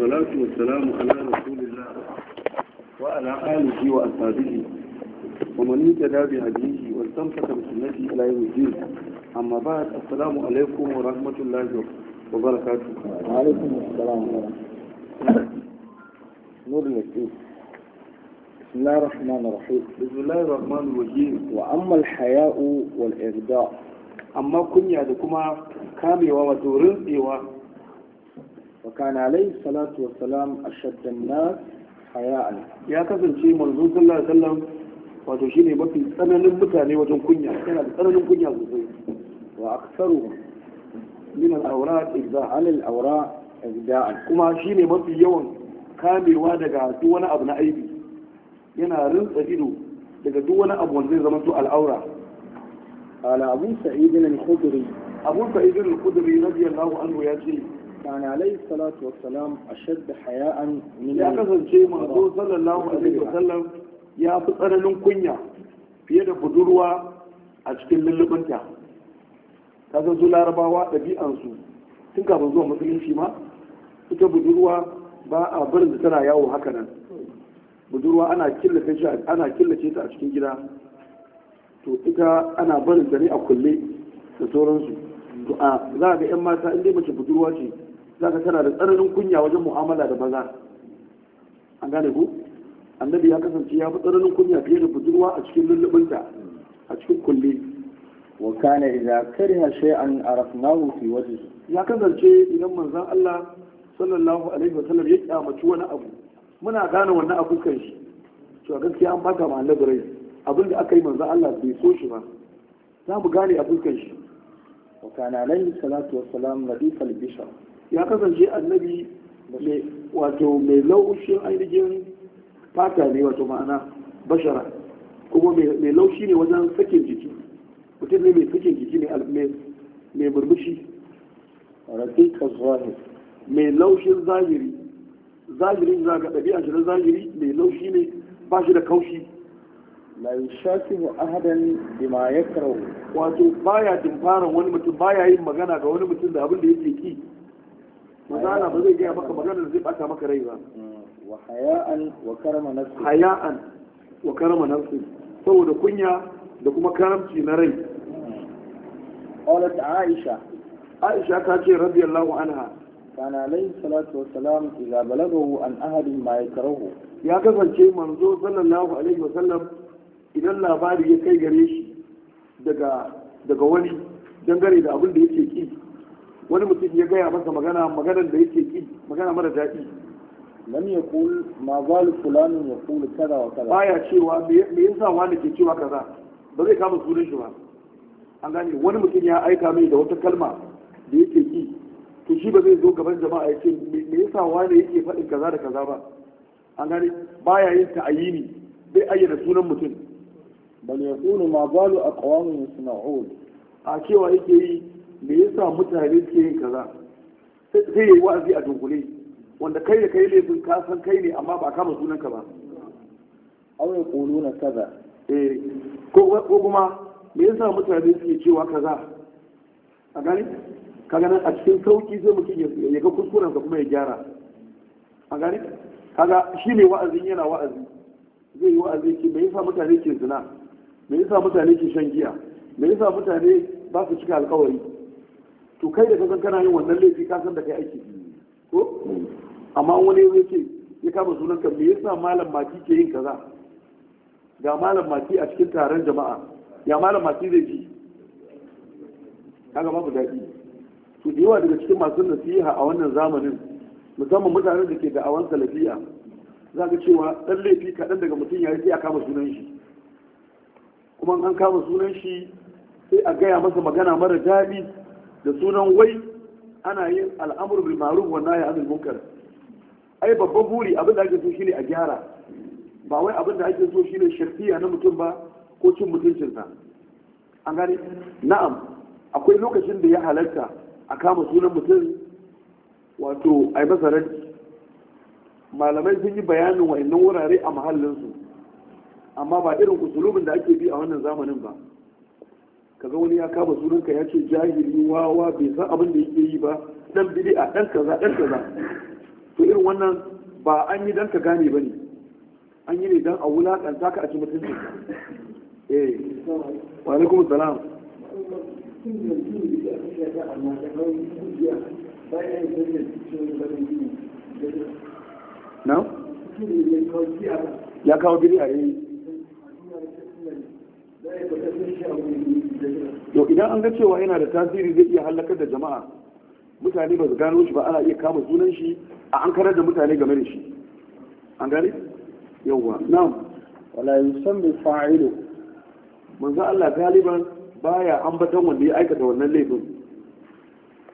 والصلاة والسلام على رسول الله وعلى آله وأصحابه ومن يتدى بهديه واستمسك بسنته إلى يوم الدين أما بعد السلام عليكم ورحمة الله وبركاته وعليكم السلام نور اللطيف بسم الله الرحمن الرحيم بسم الله الرحمن الرحيم وأما الحياء والإغداء أما كنيا دكما كامي ومتورن وكان عليه الصلاة والسلام أشد الناس حياء يا كفن شيء منظور صلى الله عليه وسلم wato shi ne mafi tsananin mutane wajen kunya yana da tsananin kunya sosai wa aksaru min al-awra idza alal awra ibda'an kuma shi ne mafi yawan kamewa daga duk wani abu na aibi yana rinsa daga duk wani abu wanda zai zama to al'aura ala abu sa'id al ya ce كان عليه الصلاة والسلام أشد حياء من يا قصد شيء منظور صلى الله عليه وسلم يا بطر كنيا في يد بدروا أشكل للبنتا kaga su larabawa ɗabi'ansu tun kafin zuwa musulunci ma ita budurwa ba a barin da tana yawo haka nan budurwa ana killace ana killace ta a cikin gida to ita ana barin ta ne a kulle da sauransu to a za ga yan mata in dai mace budurwa ce za ka tana da tsananin kunya wajen mu'amala da maza an gane ku annabi ya kasance ya fi tsananin kunya fiye da budurwa a cikin lullubinta a cikin kulle wa kana idza kariha shay'an arafnahu fi wajhi ya kasance idan manzon Allah sallallahu alaihi wa sallam ya kyamaci wani abu muna gane wannan abu kan shi to gaskiya an baka ma annabi rai abin da aka yi manzon Allah bai so shi ba za mu gane abin kan shi wa kana alaihi salatu wa salam radifal bishar ya kasance annabi wato mai laushin ainihin fata ne wato ma'ana bashara kuma mai laushi ne wajen sakin jiki mutum ne mai sakin jiki ne mai murmushi rafiqa zahir mai laushin zahiri zahirin za ga ɗabi'a shi na zahiri mai laushi ne ba shi da kaushi la yushakihu ahadan bima yakrahu wato baya fara wani mutum baya yin magana ga wani mutum da abin da yake ki Mazana ba zai gaya maka magana da zai ɓata maka rai ba haya'an wa karama nafsi haya'an wa karama nafsi saboda kunya da kuma karamci na rai qalat aisha aisha ta ce radiyallahu anha kana alayhi salatu wa salam idza balagahu an ahadin ma yakrahu ya kasance manzo sallallahu alaihi wa sallam idan labari ya kai gare shi daga daga wani dangane da abin da yake ki wani mutum ya gaya masa magana maganar da yake ki magana mara daɗi lam yaqul ma zal fulan yaqul kaza wa kaza baya cewa me yasa wani ke cewa kaza ba zai kama sunan shi ba an gane wani mutum ya aika mai da wata kalma da yake ki to shi ba zai zo gaban jama'a ya ce me yasa wani yake faɗin kaza da kaza ba an gane baya yin ta'ayini bai ayyana sunan mutum bal yaqulu ma zalu aqwamu yasna'un a cewa yake yi me yasa mutane ke yin kaza sai yi wa'azi a dunkule wanda kai da kai ne ka san kai ne amma ba kama sunan ka ba aw ya na kaza eh ko kuma me yasa mutane suke cewa kaza a gani ka nan a cikin sauki sai mutum ya ga kuskuren ka kuma ya gyara a gani kaga shi ne wa'azin yana wa'azi zai yi wa'azi ce me yasa mutane ke zina me yasa mutane ke shan giya me yasa mutane ba su cika alkawari to kai da ka san kana yin wannan laifi ka san da kai aiki ko amma wani ya ce ya kama sunan ka me yasa malam mati ke yin kaza ga malam mati a cikin taron jama'a ya malam mati zai ji kaga babu daɗi to da yawa daga cikin masu nasiha a wannan zamanin musamman mutanen da ke awan salafiya za ka cewa ɗan laifi kaɗan daga mutum ya yi sai a kama sunan shi kuma an kama sunan shi sai a gaya masa magana mara daɗi da sunan wai ana yin al'amur bil ma'ruf wa nahy anil munkar ai babban buri abin da ake so shine a gyara ba wai abin da ake so shine shirkiya na mutum ba ko cin sa an gane na'am akwai lokacin da ya halarta a kama sunan mutum wato ai masa malamai sun yi bayanin wa'annan wurare a su amma ba irin usulubin da ake bi a wannan zamanin ba kaga wani ya kama sunanka ya ce jahili wawa bai san abin da yake yi ba dan bid'a dan kaza dan kaza to irin wannan ba an yi dan ka gane ba ne, an yi ne dan a wulakanta ka a ci mutunci eh wa alaikum salam na ya kawo bid'a eh to idan an ga cewa yana da tasiri zai iya halakar da jama'a mutane ba su gano shi ba ana iya kama sunan shi a an karar da mutane game da shi an gane yawwa na'am wala yusammi fa'ilu manzo Allah galiban baya ambaton wanda ya aikata wannan laifin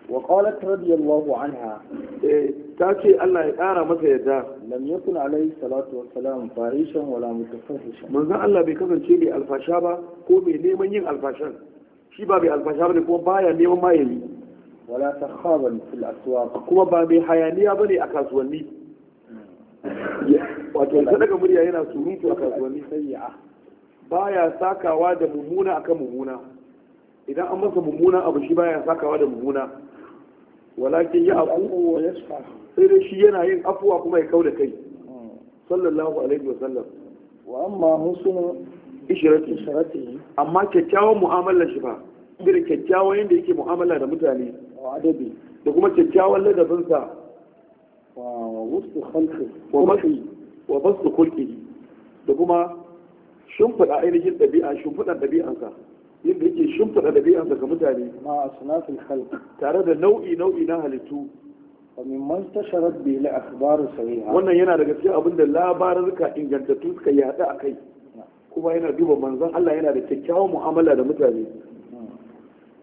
wa qalat radiyallahu anha eh ta ce Allah ya ƙara masa yadda lam yakun alaihi salatu wassalam fahishan wala mutafahishan manzon Allah bai kasance mai alfasha ba ko mai neman yin alfashan shi ba mai alfasha bane kuma baya neman ma yayi wala takhaban fil aswaq kuma ba mai hayaniya bane a kasuwanni wato ta daga murya yana surutu a kasuwanni sayya baya sakawa da mummuna akan mummuna idan an masa mummuna abu shi baya sakawa da mummuna walakin ya abu wa yasfa sai dai shi yana yin afuwa kuma ya da kai sallallahu alaihi wa sallam wa amma husnu ishrati ishrati amma kyakkyawan mu'amalar shi ba, irin kyakkyawan yadda yake mu'amala da mutane da kuma kyakkyawan ladabinsa wa wustu khalqi wa mafi wa basu kulki da kuma shimfiɗa ainihin ɗabi'a shimfiɗan ɗabi'ansa yadda yake shimfiɗa ɗabi'ansa daga mutane ma asnafil khalq tare da nau'i nau'i na halittu min man tasharat bi la akhbaru sahiha wannan yana daga cikin abin da labarurka ingantattu suka yada akai kuma yana duba manzon Allah yana da kyakkyawan mu'amala da mutane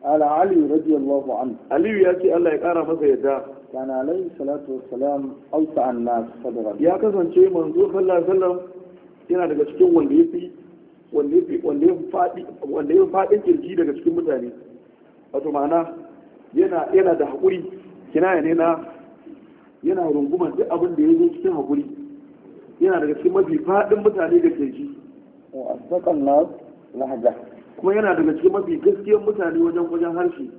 ala ali radiyallahu ya ce Allah ya kara masa yadda kana alayhi salatu wassalam awsa an nas sadran ya kasance manzo sallallahu alaihi wasallam yana daga cikin wanda yafi wanda ya faɗin kirji daga cikin mutane wato ma'ana yana da haƙuri kinaya ne na yana rungumar duk abin da ya zo cikin haƙuri yana daga cikin mafi faɗin mutane da kirji wa asakan na lahaja kuma yana daga cikin mafi gaskiyar mutane wajen wajen harshe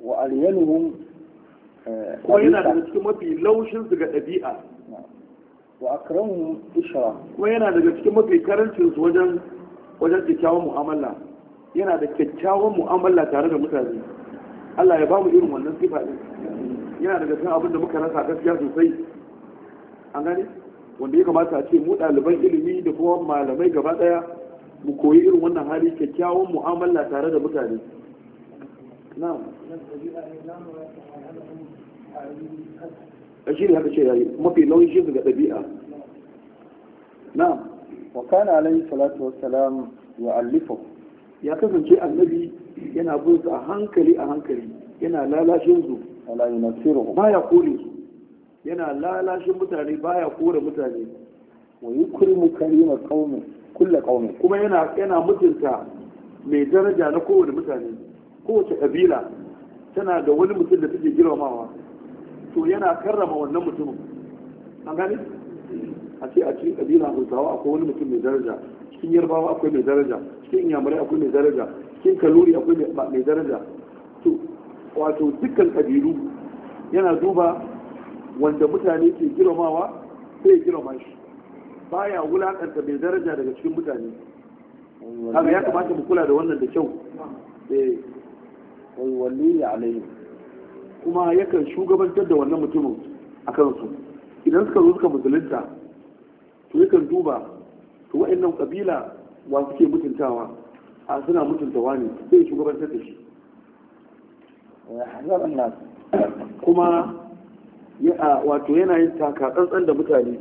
wa aliyanuhum eh, kuma yana daga cikin mafi laushinsu ga ɗabi'a wa akramu ishara kuma yana daga cikin mafi karancin su wajen wajen kyakkyawan mu'amala yana da kyakkyawan mu'amala tare da mutane Allah ya bamu irin wannan sifa din yana daga cikin abin da muka rasa gaskiya sosai an gane wanda ya kamata a ce mu ɗaliban ilimi da kuma malamai gaba ɗaya mu koyi irin wannan hali kyakkyawan mu'amala tare da mutane na'am shi ne haka ce yayi mafi nauyin shi daga ɗabi'a Na. wa kana alaihi salatu wassalam yu'allifu ya kasance annabi yana bin su a hankali a hankali yana lalashin su wala yunasiru baya kore yana lalashin mutane baya kore mutane wa yukrimu karima qaumi kullu qaumi kuma yana yana mutunta mai daraja na kowane mutane kowace kabila tana da wani mutum da take girmamawa to yana karrama wannan mutumin an gane a ce a cikin kabila hausawa akwai wani mutum mai daraja cikin yarbawa akwai mai daraja cikin inyamurai akwai mai daraja cikin kaluri akwai mai daraja to wato dukkan kabilu yana duba wanda mutane ke girmamawa sai girma shi baya wulakanta mai daraja daga cikin mutane haka ya kamata mu kula da wannan da kyau eh wai walli alayhi kuma yakan shugabantar da wannan mutumin a kansu idan suka zo suka musulunta to yakan duba to wa'annan kabila wa suke mutuntawa a suna mutuntawa ne sai shugabantar da shi kuma wato yana yin takatsantsan da mutane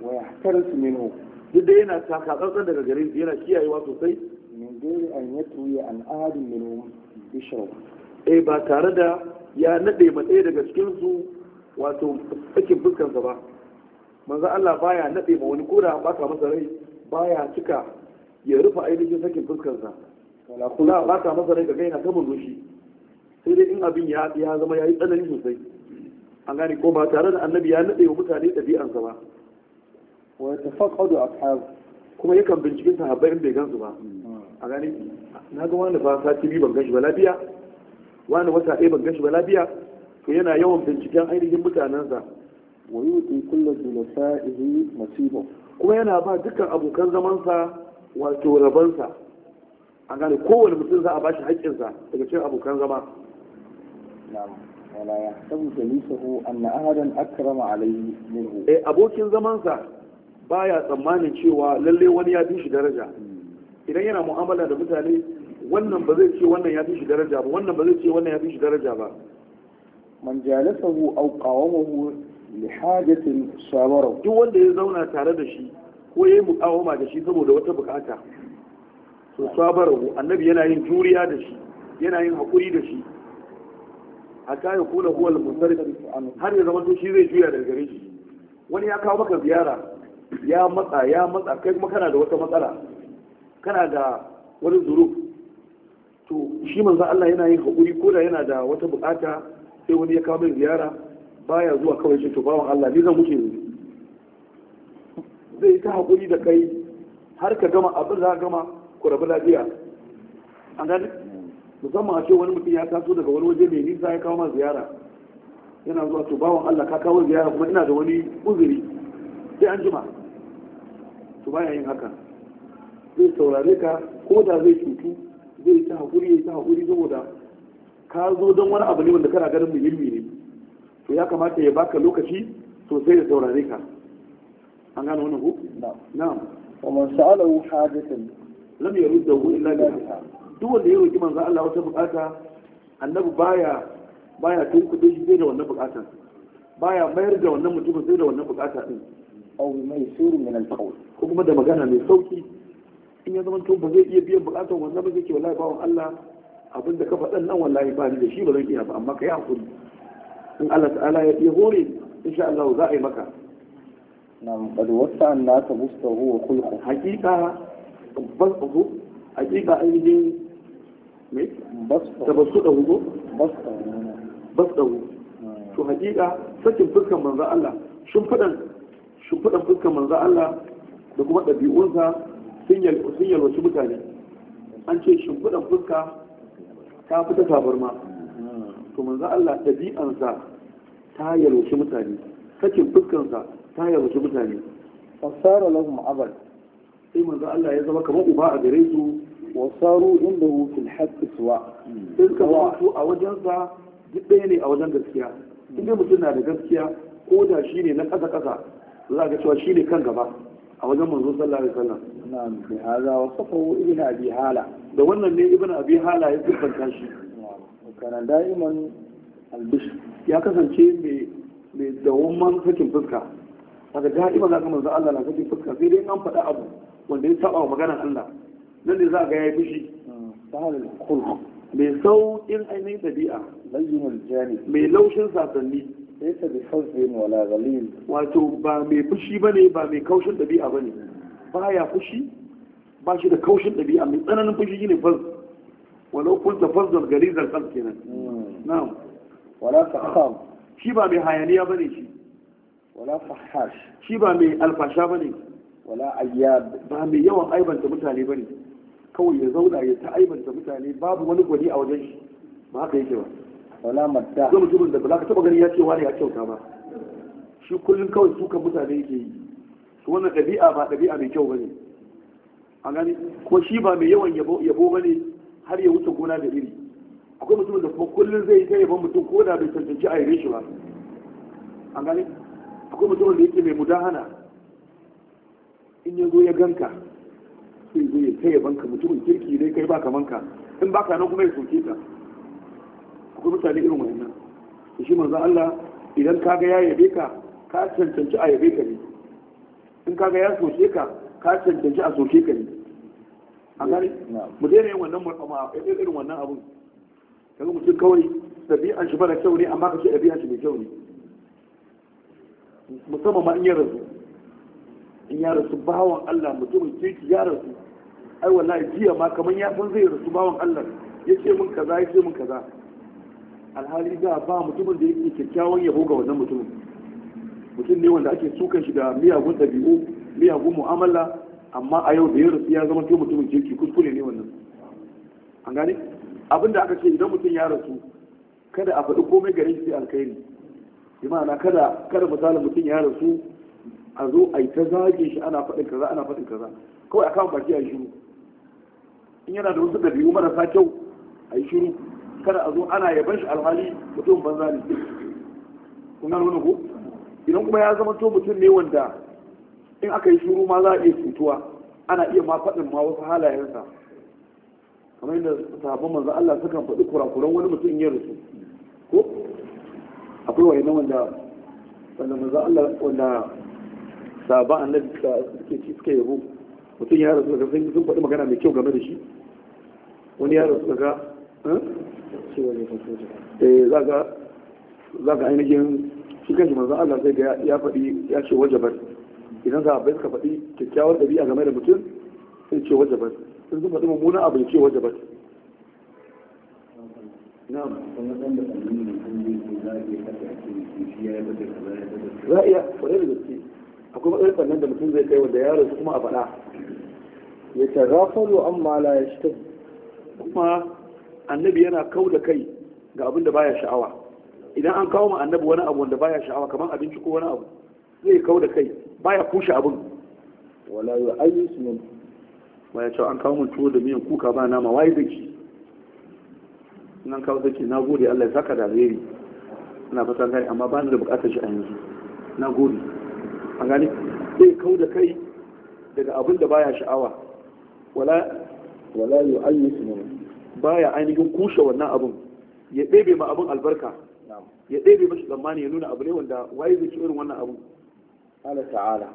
wa yahtarisu minhu duk da yana takatsantsan daga gare su yana kiyayewa sosai min gairi an yatuya an ahadin minhum bishara eh ba tare da ya nade ma ɗaya daga cikinsu wato tsakin fuskansa ba manzo Allah baya nade ma wani koda an baka masa rai baya cika ya rufe ainihin sakin fuskarsa wala kula baka masa rai ga yana ta murmushi sai dai in abin ya ya zama yayi tsanani sosai an gane ko ba tare da annabi ya nade wa mutane ɗabi'ansa ba wa yatafaqadu ashab kuma yakan bincike sahabbai in bai gansu ba hmm. a gane na ga wani ba sati biyu ban gashi ba lafiya wani wata ɗaya ban gashi ba lafiya to yana yawan binciken ainihin mutanensa wa yuti kullu julasa'ihi masibo. kuma yana ba dukkan abokan zamansa wato rabansa an gane kowane mutum za a bashi haƙƙinsa daga cikin abokan zama wala ya tabu jalisahu anna ahadan akrama alayhi minhu eh abokin zamansa baya tsammanin cewa lalle wani ya fi shi daraja hmm. idan yana mu'amala da mutane wannan ba zai ce wannan ya fi shi daraja ba wannan ba zai ce wannan ya fi shi daraja ba man jalasahu aw qawamahu li hajatin sabara duk wanda ya zauna tare da shi ko yayi muqawama da shi saboda wata bukata to sabara annabi yana yin juriya da shi yana yin hakuri da shi hatta ya kula huwa al-musarrif har ya zama to shi zai juya daga gare shi wani ya kawo maka ziyara ya matsa ya matsa kai kuma kana da wata matsala kana da wani zuruf to shi manzo Allah yana yin haƙuri ko da yana da wata buƙata sai wani ya kawo mai ziyara baya zuwa kawai shi to bawan Allah ni zan muke yanzu zai ta haƙuri da kai har ka gama abin za gama ku rabu lafiya an gani musamman a ce wani mutum ya taso daga wani waje mai nisa ya kawo ma ziyara yana zuwa to bawan Allah ka kawo ziyara kuma ina da wani uzuri sai an jima to baya yin haka zai saurare ka ko da zai cutu zai ta hakuri ya ta hakuri saboda ka zo don wani abu ne wanda kana ganin muhimmi ne to ya kamata ya baka lokaci sosai da saurare ka an gano wannan ku na'am ومن سأله حاجة لم يرده إلا بها duk wanda ya roki manzo Allah wata bukata annabi baya baya tunkuɗe shi sai da wannan bukatar baya mayar da wannan mutum sai da wannan bukata din aw mai sirri min al-qawl ko kuma da magana mai sauki in ya zamanto ba zai iya biyan bukatar wannan ba zai ce wallahi bawon Allah abin da ka faɗan nan wallahi ba ni da shi ba zan iya ba amma ka yi hakuri in Allah ta'ala ya iya hore insha Allah za a yi maka nam qad wasa an nas mustahu wa khulqu haqiqa basu haqiqa ainihin me basu tabassu da hugo basu basu da hmm. to haqiqa sakin fuskan manzo Allah shimfidan shimfidan fuskan manzo Allah da kuma ɗabi'unsa sun yalwaci mutane an ce shimfiɗan fuska ta fi ta tabarma to manzo Allah ɗabi'ansa ta yalwaci mutane sakin fuskansa ta yalwaci mutane fasara lahum abal sai manzo Allah ya zama kamar uba a gare su wa saru hu fil haqqi suwa suka su a sa duk ɗaya ne a wajen gaskiya inda mutum na da gaskiya ko da shi na kasa kasa za ga cewa shi kan gaba a wajen manzo sallallahu alaihi wasallam na'am bi hada wa safahu ibn abi hala da wannan ne ibn abi hala ya kubanta shi kana da'iman albish ya kasance mai mai dawamman sakin fuska daga da'ima zaka manzo Allah na sakin fuska sai dai an faɗa abu wanda ya saba maganar Allah nan ne za ga yayi fushi hmm, sahal khulq mai sauƙin ainihin ɗabi'a mai laushin sasanni laysa bi fazzin wala ghalil wato ba mai fushi bane ba mai kaushin dabi'a bane baya fushi ba shi da kaushin dabi'a mai tsananin fushi shine fazz walau kunta fazzan ghalizal qalb kenan na'am wala fakham shi ba mai hayaniya bane shi wala fahash shi ba mai alfasha bane wala ayyab ba mai yawan aibanta mutane bane kawai ya zauna ya ta aibanta mutane babu wani gwani a wajen shi ba haka yake ba wala madda zai mutumin da ba za ka taba gani ya ce wani ya kyauta ba shi kullum kawai suka mutane yake yi su wannan ɗabi'a ba ɗabi'a mai kyau bane an gani ko shi ba mai yawan yabo bane har ya wuce gona da iri akwai mutumin da kuma kullum zai yi ta yabon mutum ko da bai cancanci a yare shi ba an gani akwai mutumin da yake mai mudahana in ya zo ya ganka sai zo ya ta ka mutumin kirki dai kai ba kamanka in baka nan kuma ya soke ka akwai mutane irin nan da shi manzo Allah idan kaga ya yabe ka ka cancanci a yabe ka ne in kaga ya soke ka ka cancanci a soke ka ne a gani mu daina yin wannan murɗama irin wannan abun kaga mutum kawai ɗabi'an shi mara kyau ne amma ka ce ɗabi'an shi mai kyau ne musamman ma in ya rasu in ya rasu bawan Allah mutumin kirki ya rasu ai wallahi jiya ma kamar ya san zai rasu bawan Allah ya ce min kaza ya ce min kaza alhali da ba mutumin da yake kyakkyawan yabo ga wannan mutumin mutum ne wanda ake sukan shi da miyagun ɗabi'u miyagun mu'amala amma a yau da ya rasu ya zama to mutumin jirki kuskure ne wannan an gane abin da aka ce idan mutum ya rasu kada a faɗi komai garin shi alkhairi bi ma'ana kada kada misalin mutum ya rasu a zo a yi ta zage shi ana faɗin kaza ana faɗin kaza kawai a kama baki a yi shiru in yana da wasu ɗabi'u marasa kyau a yi shiru kada a zo ana yaban shi alhali mutum banza ne kun nuna ku ko idan kuma ya zama to mutum ne wanda in aka yi shuru ma za a iya cutuwa ana iya ma faɗin ma wasu halayensa kamar yadda sahabban manzo Allah suka faɗi kurakuran wani mutum ya rasu ko akwai wani na wanda wanda manzo Allah wanda sahabban annabi suke ci suka yabo mutum ya rasu daga sun faɗi magana mai kyau game da shi wani ya rasu daga Eh, za ka ainihin shi kanshi manzan Allah sai ga ya faɗi ya ce wajabar idan za a bai suka faɗi kyakkyawar ɗabi'a game da mutum sai ce wajabar sun sun faɗi mummunan abu ce wajabar na'am za a iya faɗi da gaske akwai matsayin sannan da mutum zai kai wanda ya rasu kuma a faɗa ya tarrafaru amma la ya shi kuma annabi yana kau da kai ga abin da baya sha'awa idan an kawo ma annabi wani abu wanda baya sha'awa kamar abinci ko wani abu zai kau da kai baya kushe abin wala yu sunan. baya cewa an kawo mun tuwo da miyan kuka ba nama waye zaki nan kawo zaki na gode Allah ya saka da alheri ina fatan gani amma ba ni da bukatar shi a yanzu na gode an gani zai kau da kai daga abin da baya sha'awa wala wala yu sunan. baya ainihin kushe wannan abun ya ɗebe ma abun albarka ya ɗebe mashi tsammani ya nuna abu ne wanda waye zai irin wannan abun Allah ta'ala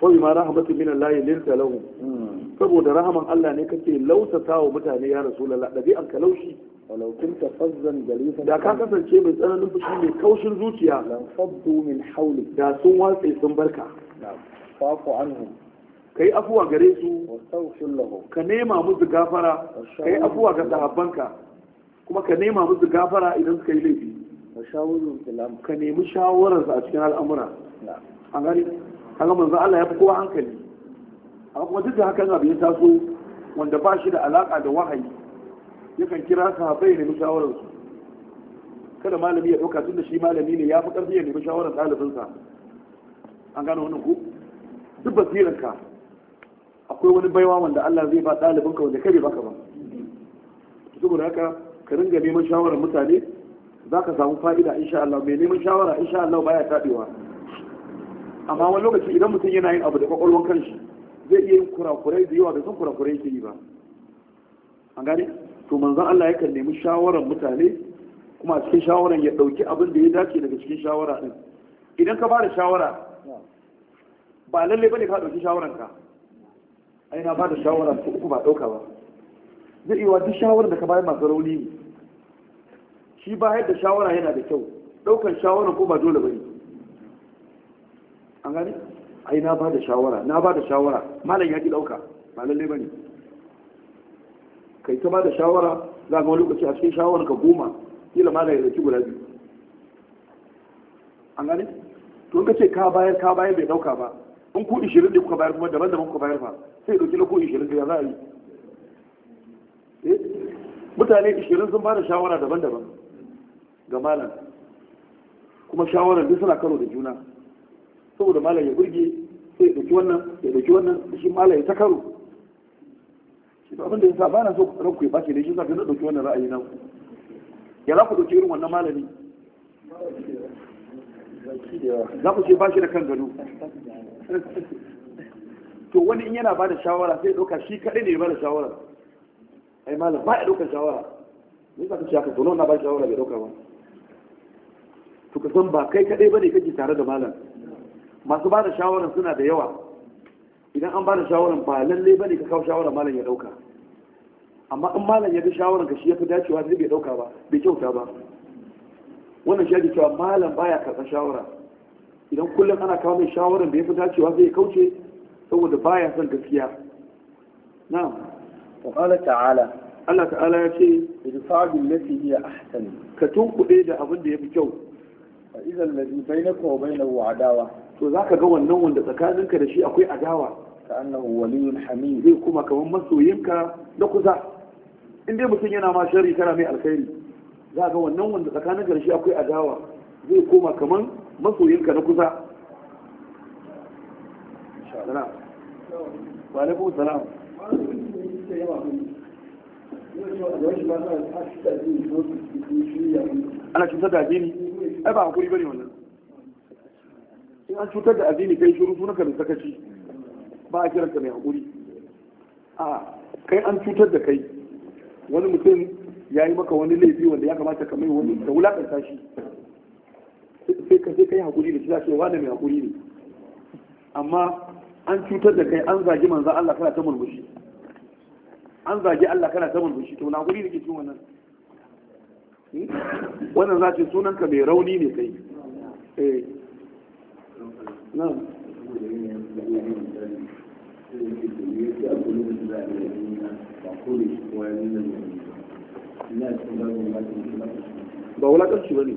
fa bima rahmatin min Allah lilta lahu hmm. saboda rahaman Allah ne kake lausata wa mutane ya rasulullah dabi'an ka laushi walau kunta fazzan da ka kasance mai tsananin fushi mai kaushin zuciya lan faddu min hawli da sun watse sun barka fa'fu ka yi afuwa gare su ka nema musu gafara ka yi afuwa ga sahabbanka kuma ka nema musu gafara idan suka yi laifi ka nemi shawararsa a cikin al'amura an gani ga manzo Allah ya fi kowa hankali amma kuma duk da hakan abu ya taso wanda ba shi da alaka da wahayi yakan kira sahabbai nemi shawararsu kada malami ya ɗauka tun da shi malami ne ya fi karfi ya nemi shawarar ɗalibinsa an gano wani ku duk basiranka akwai wani baiwa wanda Allah zai ba ɗalibinka ka wanda kai bai baka ba saboda haka ka ringa neman shawarar mutane za ka samu fa'ida insha Allah mai neman shawara insha Allah baya taɓewa amma wani lokaci idan mutum yana yin abu da kwakwalwar kanshi zai iya yin kurakurai da yawa da san kurakurai ke yi ba an gane to manzon Allah yakan nemi shawarar mutane kuma a cikin shawaran ya ɗauki abin da ya dace daga cikin shawara din. idan ka bada shawara ba lalle bane ka ɗauki shawaran ka ai na bada shawara su uku ba dauka ba zai iya duk shawara da ka bayar masu rauni ne shi ba yadda shawara yana da kyau daukar shawara ko ba dole bane an gani ai na bada shawara na bada shawara malam ya ki dauka ba lalle bane kai ta bada shawara za ga wani lokaci a cikin shawara ka goma kila malam ya zaki guda biyu an gani to ka ce ka bayar ka bayar bai dauka ba in ku 20 da kuka bayar kuma daban-daban kuka bayar fa sai ɗauki na ku 20 da ya za a yi eh? mutane 20 sun ba da shawara daban-daban ga malam kuma shawarar duk suna karo da juna saboda malam ya burge sai ya ɗauki wannan ya dauki wannan shi malam ya ta karo shi ba abinda sa ba na so ranku ya bace da shi sa zaka dauki wannan ra'ayi nan ya za ku dauki irin wannan malami za ku ce ba shi da kan gado to wani in yana bada shawara sai ɗauka shi kaɗai ne ya bada shawara ai malam ba ya ɗaukar shawara ne ka ce haka tono na ba shawara bai ɗauka ba to ka san ba kai kaɗai ba ne kake tare da malam masu bada shawara suna da yawa idan an bada shawara ba lallai ba ne ka kawo shawara malam ya ɗauka amma in malam ya bi shawaran ka shi ya fi dacewa zai bai ɗauka ba bai kyauta ba wannan shi ake cewa malam baya karɓar shawara idan kullum ana kawo mai shawarar da ya fi dacewa zai kauce saboda baya son gaskiya na'am ta'ala ta'ala Allah ta'ala ya ce idfa bil lati hiya ahsan ka tunkuɗe da abin da ya fi kyau fa idza alladhi bainaka wa bainahu adawa to zaka ga wannan wanda tsakaninka da shi akwai adawa ka annahu waliyyun hamid zai kuma kaman masoyinka na kusa in dai mutum yana ma sharri kana mai alkhairi za ga wannan wanda tsakaninka da shi akwai adawa zai koma kaman masoyinka na kusa ana cutar da addini ai ba hakuri bane wannan in an cutar da addini kai shuru suna da sakaci ba a kiranka mai hakuri a kai an cutar da kai wani mutum ya yi maka wani laifi wanda ya kamata ka mai wani da wulakanta shi sai ka yi hakuri da shi za ka yi wani mai hakuri ne amma an cutar da kai an zagi manzan Allah kana ta murmushi an zagi Allah kana ta murmushi to na hakuri ne ke cikin wannan hmm? wannan za ce ka mai rauni ne kai eh na'am ba wulaƙarci ba ne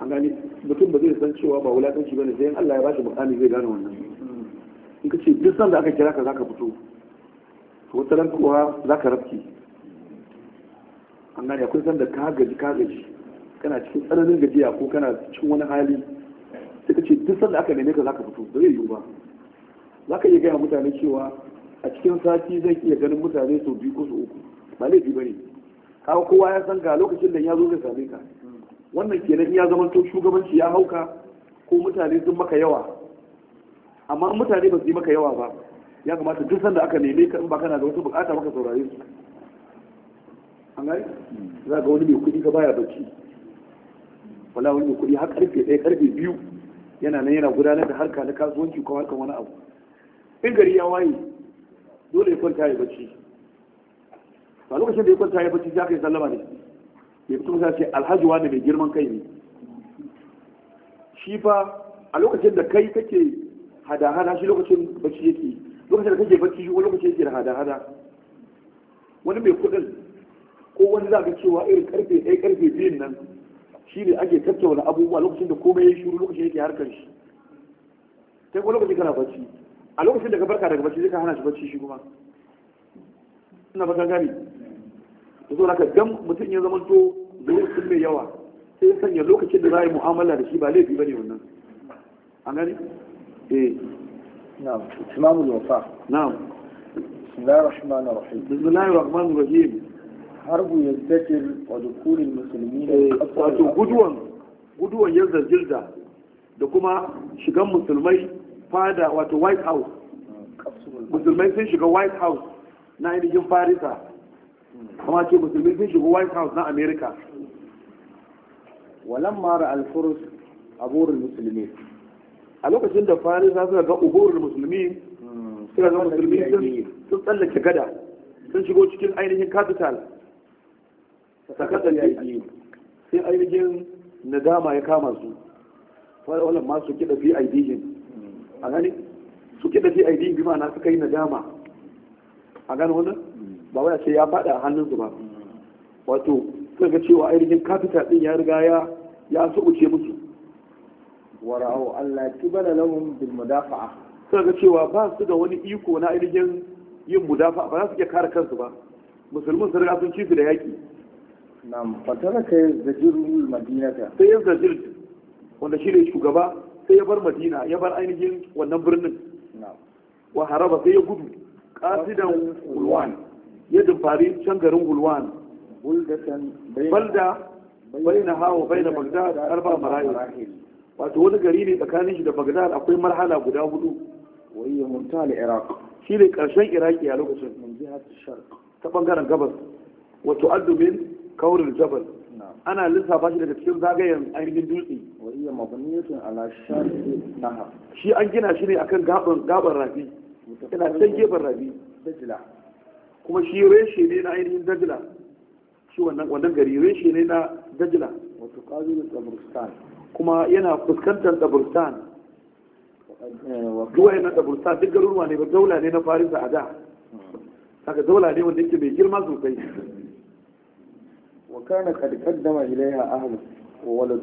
an gani mutum ba zai san cewa ba wulakanci bane sai Allah ya bashi mukami zai gane wannan in ka ce duk sanda aka kira ka zaka fito to wata ran kowa zaka rafki an gani akwai sanda ka gaji ka gaji kana cikin tsananin gajiya ko kana cikin wani hali sai ka ce duk sanda aka neme ka zaka fito ba zai yiwu ba zaka iya gaya mutane cewa a cikin sati zan iya ganin mutane sau biyu ko sau uku ba laifi ba ne kawo kowa ya san ga lokacin da ya zo zai same ka wannan kenan ya zama to shugabanci ya hauka ko mutane sun maka yawa amma mutane ba su yi maka yawa ba ya kamata duk sanda aka neme ka in ba kana da wata bukata maka saurare su an gani za ga wani mai kuɗi ka baya bacci wala wani mai kuɗi har karfe ɗaya karfe biyu yana nan yana gudanar da harka na kasuwanci ko harkar wani abu in gari ya waye dole ya kwanta ya bacci a lokacin da ya kwanta ya bacci za ka yi sallama ne ya fito za ce alhaji wani mai girman kai ne shi fa a lokacin da kai kake hada-hada shi lokacin bacci yake lokacin da kake bacci shi lokacin yake da hada-hada wani mai kudin ko wani za ka cewa irin karfe ɗaya karfe biyun nan shi ne ake tattauna abubuwa lokacin da komai ya shuru lokacin yake harkar shi kai ko lokacin kana bacci a lokacin da ka barka daga bacci zai ka hana shi bacci shi kuma ina ba ta gani da so haka dan mutum ya zama to zuwa sun mai yawa sai ya sanya lokacin da za a yi mu'amala da shi ba laifi ba ne wannan an gani eh na'am imamul wafa na'am bismillahir rahmanir rahim bismillahir rahmanir rahim harbu yazdajir wa dukulul muslimin eh, wato guduwan guduwan yazdar jilda da kuma shigan musulmai fada wato white house musulmai sun shiga white house na ainihin farisa kuma ce musulmi sun shigo white house na america walan mara alfurus a burin musulmi a lokacin da farisa su ga uburin musulmi suka ga hmm, musulmi sun tsallake gada sun shigo cikin ainihin capital sakatan yaƙi sai ainihin nadama ya kama su wannan ma su kiɗa fi aidihin hmm. a gani su kiɗa fi aidihin bi ma'ana suka yi nadama a gane wannan ba wai sai ce ya faɗi a hannunsu ba wato suka ga cewa ainihin capital din ya riga ya ya subuce musu wara'u Allah kibala lahum bil mudafa'a suka ga cewa ba su da wani iko na ainihin yin mudafa'a ba za su iya kare kansu ba musulmin sun riga sun cifi da yaki nam fatara kai zajirul madinata sai ya zajir wanda shi ne shugaba sai ya bar madina ya bar ainihin wannan birnin wa haraba sai ya gudu Kasidan gulwan ya dumfari can garin gulwan balda bai na hawa bai na bagdad arba marahil wato wani gari ne tsakanin shi da bagdad akwai marhala guda hudu wayya muntal iraq shi ne karshen iraki a lokacin ta bangaren gabas wato addumin kaurin jabal ana lissafa shi daga cikin zagayen ainihin dutse wayya mabniyatun ala shi an gina shi ne akan gaban gaban rafi yana can gefen rabi dajila kuma shi reshe ne na ainihin dajila shi wannan gari reshe ne na dajila wato kazu da taburstan kuma yana fuskantar taburstan eh, duwa yana taburstan duk garuruwa ne ba daula ne na farisa a da haka daula ne wanda yake mai girma sosai وكان قد قدم إليها أهله وولده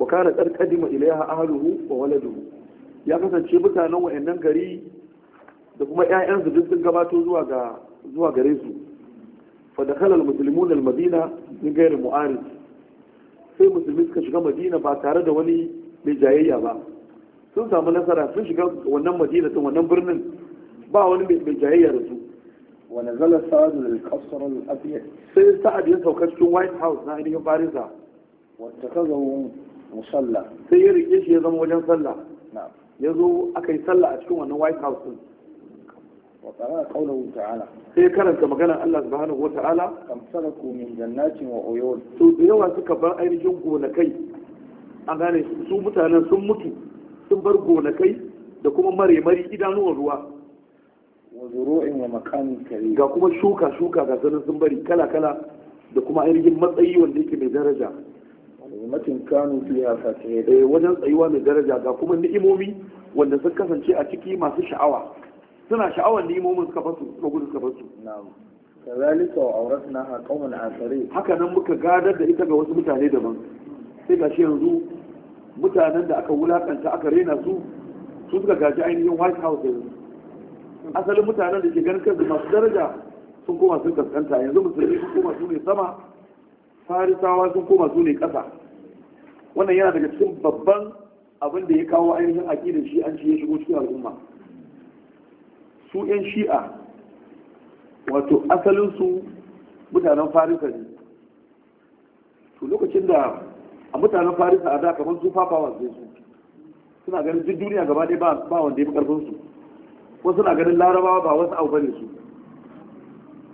وكان قد قدم إليها أهله وولده ya kasance mutanen wa'annan gari da kuma ƴaƴansu duk sun gabato zuwa ga zuwa gare su fa dakhala almuslimun almadina min ghairi mu'arid sai musulmi suka shiga madina ba tare da wani mai jayayya ba sun samu nasara sun shiga wannan madina tun wannan birnin ba wani mai jayayya da su wani zala sa'ad al-qasr al-abyad sai sa'ad ya sauka cikin white house na ainihin farisa wa kaza musalla sai ya rike shi ya zama wajen sallah ya zo aka yi sallah a cikin wannan white house din وقرأ قوله تعالى sai karanta maganar Allah subhanahu wa ta'ala kam saraku min jannatin wa uyun to da yawa suka bar ainihin gonakai an gane su mutanen sun mutu sun bar gonakai da kuma mare mari idanuwan ruwa wa zuru'in wa maqamin karim ga kuma shuka shuka ga sanin sun bari kala kala da kuma ainihin matsayi wanda yake mai daraja ni'matin kanu fiha da. Eh, wajen tsayuwa mai daraja ga kuma ni'imomi wanda sun kasance a ciki masu sha'awa suna sha'awar limomin suka fasu suka gudu suka fasu kazalika wa auratna ha qawmun asari haka nan muka gadar da ita ga wasu mutane daban sai gashi yanzu mutanen da aka wulakanta aka rena su su suka gaji ainihin white house yanzu asalin mutanen da ke ganin kansu masu daraja sun koma sun kaskanta yanzu musulmi sun koma su ne sama farisawa sun koma su ne ƙasa wannan yana daga cikin babban abin da ya kawo ainihin aƙidar shi an ci ya shigo cikin al'umma su 'yan shi'a wato asalinsu mutanen farisa ne to lokacin da a mutanen farisa a da kamar su fafa wanzu su suna ganin jin duniya gaba ɗaya ba wanda ya fi ƙarfinsu ko suna ganin larabawa ba wasu abu bane su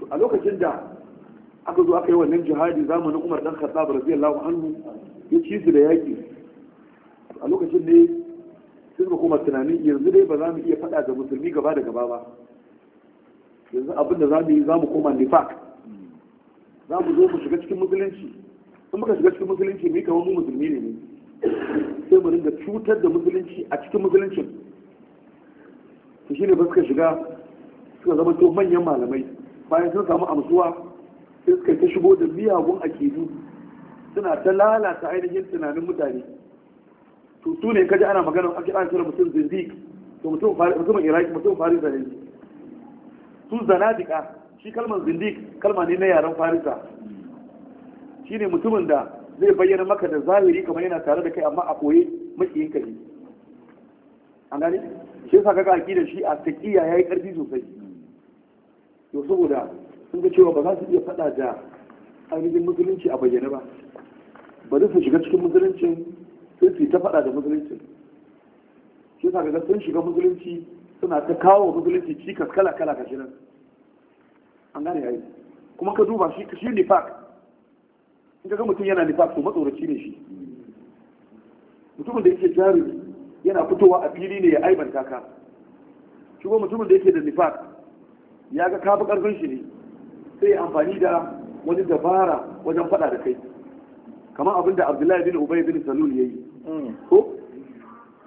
to a lokacin da aka zo aka yi wannan jihadi zamanin umar dan khattab radiyallahu anhu ya ci su da yaƙi a lokacin ne sun suka koma tunanin yanzu dai ba za mu iya faɗa da musulmi gaba da gaba ba yanzu abin da za mu yi za mu koma nifak za mu zo mu shiga cikin musulunci in muka shiga cikin musulunci mu yi kamar mu musulmi ne ne sai mu ringa cutar da musulunci a cikin musuluncin to shine ba suka shiga suka zama to manyan malamai bayan sun samu amsuwa sai suka ta shigo da miyagun akidu suna ta lalata ainihin tunanin mutane to su ne kaji ana magana a kira kira mutum zindik to mutum mutumin iraki mutum farisa ne su zanadika shi kalmar zindik kalma ne na yaren farisa shine mutumin da zai bayyana maka da zahiri kamar yana tare da kai amma a koye makiyin ka ne an gane shi yasa kaga da shi a taqiya yayi karfi sosai to saboda sun ga cewa ba za su iya faɗa da ainihin musulunci a bayyane ba ba su shiga cikin musuluncin sai ta faɗa da musulunci shi sa ga sun shiga musulunci suna ta kawo musulunci cikas kala kala ga shirin an gane yayi kuma ka duba shi shi nifaq in ga mutum yana nifaq to matsoraci ne shi mutumin da yake jarumi yana fitowa a fili ne ya aibanta ka shi kuma mutumin da yake da nifaq ya ga kafi karfin shi ne sai amfani da wani dabara wajen faɗa da kai kamar abin da abdullahi bin ubay bin salul yayi ko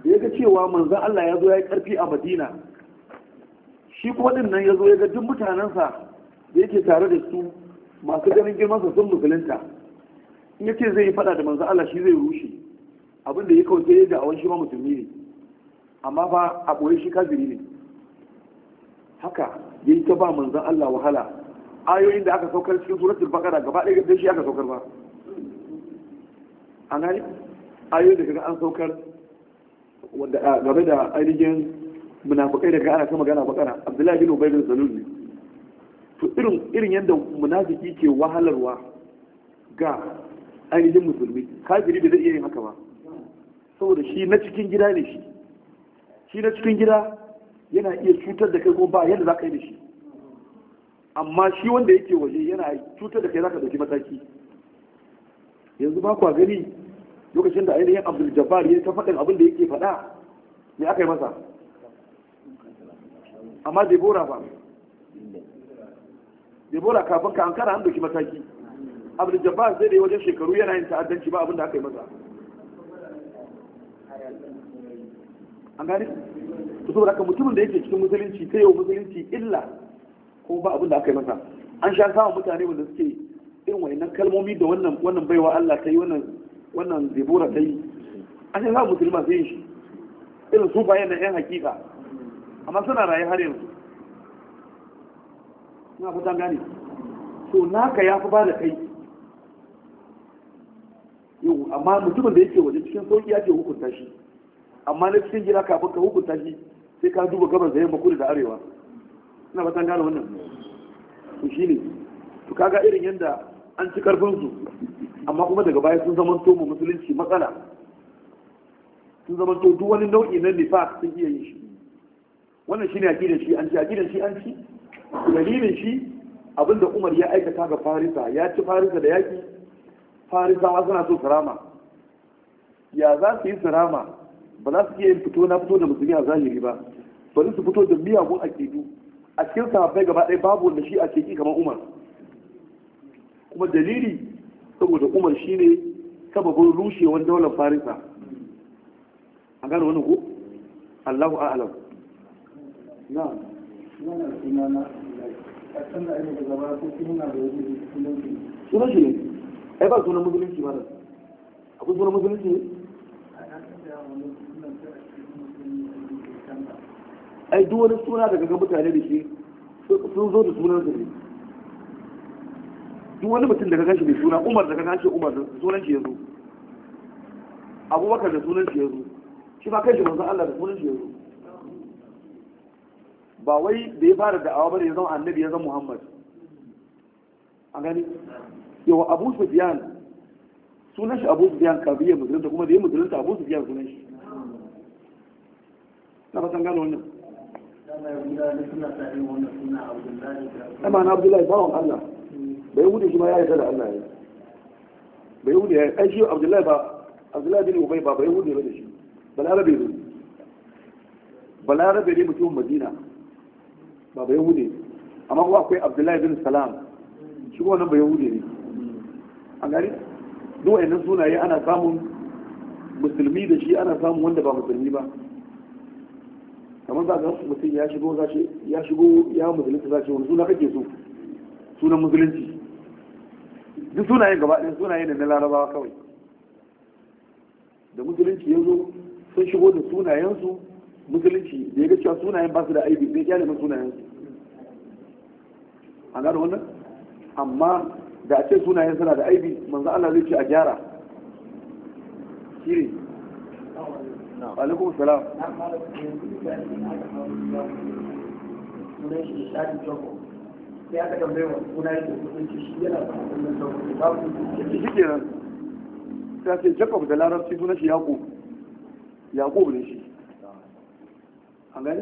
da ya ga cewa manzan Allah ya zo ya yi ƙarfi a madina shi kuma din nan ya zo ya ga duk mutanensa da yake tare da su masu ganin girmansa sun musulunta in ya ce zai yi fada da manzan Allah shi zai rushe abin da ya kawo sai ya ga awon shi ma musulmi ne amma fa a ɓoye shi kafiri ne haka ya yi ta ba manzan Allah wahala ayoyin da aka saukar cikin suratul bakara gaba ɗaya da shi aka saukar ba an gani ayoyi da kaga an saukar wanda game da ainihin munafikai da ana ta magana bakara abdullahi bin ubay bin salul ne to irin irin yadda munafiki ke wahalarwa ga ainihin musulmi kafiri bai zai iya yin haka ba saboda shi na cikin gida ne shi shi na cikin gida yana iya cutar da kai ko ba yadda za ka yi da shi amma shi wanda yake waje yana cutar da kai za ka ɗauki mataki yanzu ba kwa gani lokacin da ainihin abdul jabbar ya ta faɗin abin da yake faɗa ne aka yi masa amma debora ba debora kafin ka an kara an doki mataki abdul jabbar zai da wajen shekaru yana yin ta'addanci ba abin da aka yi masa an gane to saboda haka mutumin da yake cikin musulunci ta yau musulunci illa ko ba abin da aka yi masa an sha samun mutane wanda suke irin wayannan kalmomi da wannan wannan baiwa Allah ta yi wannan wannan zibura ta yi an yi za musulma sai shi irin su bayan da yan hakika amma suna raye har yanzu na fatan gane to naka ya fi ba da kai yau amma mutumin da yake waje cikin sauki ce hukunta shi amma na cikin gida kafin ka hukunta shi sai ka duba gabar da yamma kudu da arewa fi fatan gane wannan to shine to kaga irin yadda an ci karfinsu amma kuma daga baya sun zamanto mu musulunci matsala sun zamanto duk wani nau'i na nifaq sun iya yin shi wannan shine aqidar shi an ci aqidar shi an ci dalilin shi abinda Umar ya aikata ga Farisa ya ci Farisa da yaki Farisawa suna so sarama ya za su yi sarama ba za su iya yin fito na fito da musulmi a zahiri ba bari su fito da miyagun aƙidu a cikin sahabbai gaba ɗaya babu wanda shi a ciki kamar Umar kuma dalili saboda umar shine sababin rushewar daular farisa a gane wani ko allahu a'alam na'am suna shi ne ai ba sunan musulunci ba akwai sunan musulunci ne ai duk wani suna daga ga mutane da shi sun zo da sunan su ne duk wani mutum da ka ganshi mai suna umar da ka ganshi umar da sunan shi ya zo abubakar da sunan shi ya zo shi ma kai shi manzon Allah da sunan shi ya zo ba wai da ya fara da'awa bane ya zama annabi ya zama Muhammad a gani yawa Abu Sufyan sunan shi Abu Sufyan kafin ya musulunta kuma da ya musulunta Abu Sufyan sunan shi na fatan gano wannan Amma na Abdullahi bawan Allah bai hude shi ma ya yarda da Allah ne bai hude ya ai shi Abdullahi ba Abdullahi bin Ubay ba bai hude ba da shi balarabe ne balarabe ne mutumin Madina ba bai hude amma kuma akwai Abdullahi bin Salam shi kuma nan bai hude ne an gani duk wayannan sunaye ana samun musulmi da shi ana samun wanda ba musulmi ba kamar za ga mutum ya shigo ya shigo ya musulunci za ce wani suna kake so sunan musulunci duk sunayen gaba ɗaya sunayen ne na larabawa kawai da musulunci ya zo sun shigo da sunayensu musulunci da ya ga cewa sunayen ba su da aibi sai ya nemi sunayensu a gano wannan amma da a ce sunayen suna da aibi manzo Allah zai ce a gyara shiri alaikum salam sai aka tambaye wa kuna yake kudin shi yana son kudin sauki babu kudin shi kenan sai ce Jacob da Larabci sunan shi Yaqub Yaqub ne shi an gani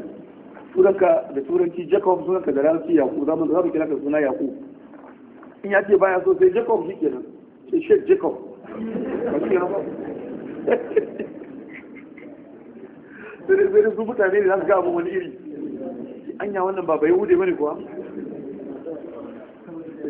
sunanka da turanci Jacob sunanka da Larabci Yaqub za mu za kira ka suna Yaqub in ya ce baya so sai Jacob shi kenan sai Sheikh Jacob ba shi kenan ba sai sun mutane ne za su ga abu iri anya wannan ba bai hude bane kuwa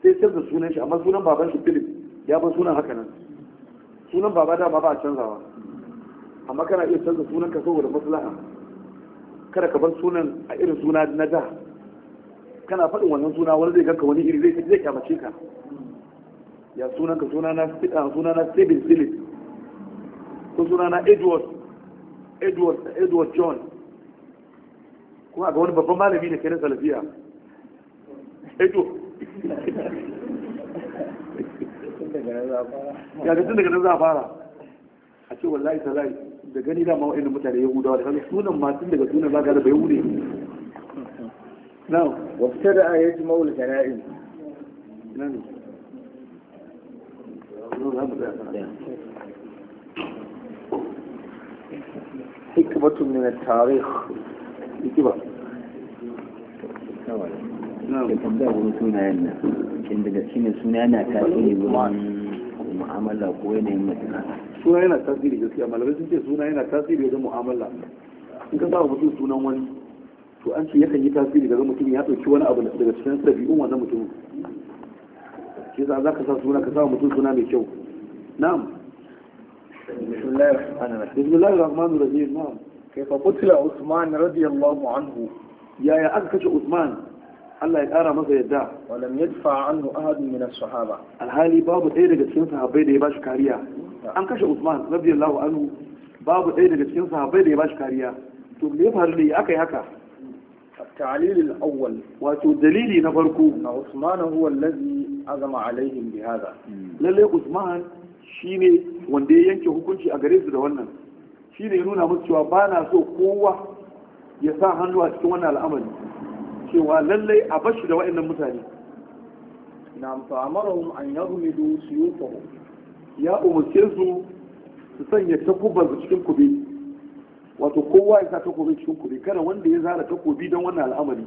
sai canza sunan shi amma sunan baban shi Philip ya ba sunan haka nan sunan baba da ba a canzawa amma kana iya canza sunan ka saboda maslaha kada ka bar sunan a irin suna na da kana faɗin wannan suna wani zai ganka wani iri zai zai kyamace ka ya sunan ka suna na ah, suna na Stephen Philip ko suna na Edward Edward Edward John kuma ga wani babban malami ne kai na salafiya Edward kaga tun daga nan za a fara a ce wallahi salai da gani da mawa irin mutane yahudawa da kaga sunan ma tun daga sunan za ka da bayahude na wata da ayyaci mawul kana'in nan حكمة من التاريخ حكمة da tambaya wani sunayen nan shin daga shine suna yana tasiri wurin mu'amala ko yanayin mutum suna yana tasiri gaskiya malamai sun ce suna yana tasiri wajen mu'amala in ka sa mutum sunan wani to an ce yakan yi tasiri daga mutum ya ɗauki wani abu daga cikin ɗabi'un wannan mutum shi yasa za ka sa suna ka sa mutum suna mai kyau na'am بسم الله الرحمن الرحيم بسم الله الرحمن الرحيم نعم كيف قتل عثمان رضي الله عنه يا يا أكتش عثمان Allah ya ƙara masa yadda walam yadfa anhu ahadun min as-sahaba alhali babu ɗaya daga cikin sahabbai da ya bashi kariya an kashe Usman radiyallahu anhu babu ɗaya daga cikin sahabbai da ya bashi kariya to me ya faru ne aka yi haka التعليل الأول وتدليل نفركو أن عثمان هو الذي أزم عليهم بهذا للي عثمان شيني وندي ينكي هكونشي أغريس دوانا شيني ينونا مستوى بانا سو قوة يسا هنوا استوانا الأمل cewa lallai a bashi da wa'annan mutane na fa'amarahum an yaghmidu suyufahum ya umarce su su sanya takuban su cikin kube wato kowa ya sa takobin cikin kube kada wanda ya zara takobi don wannan al'amari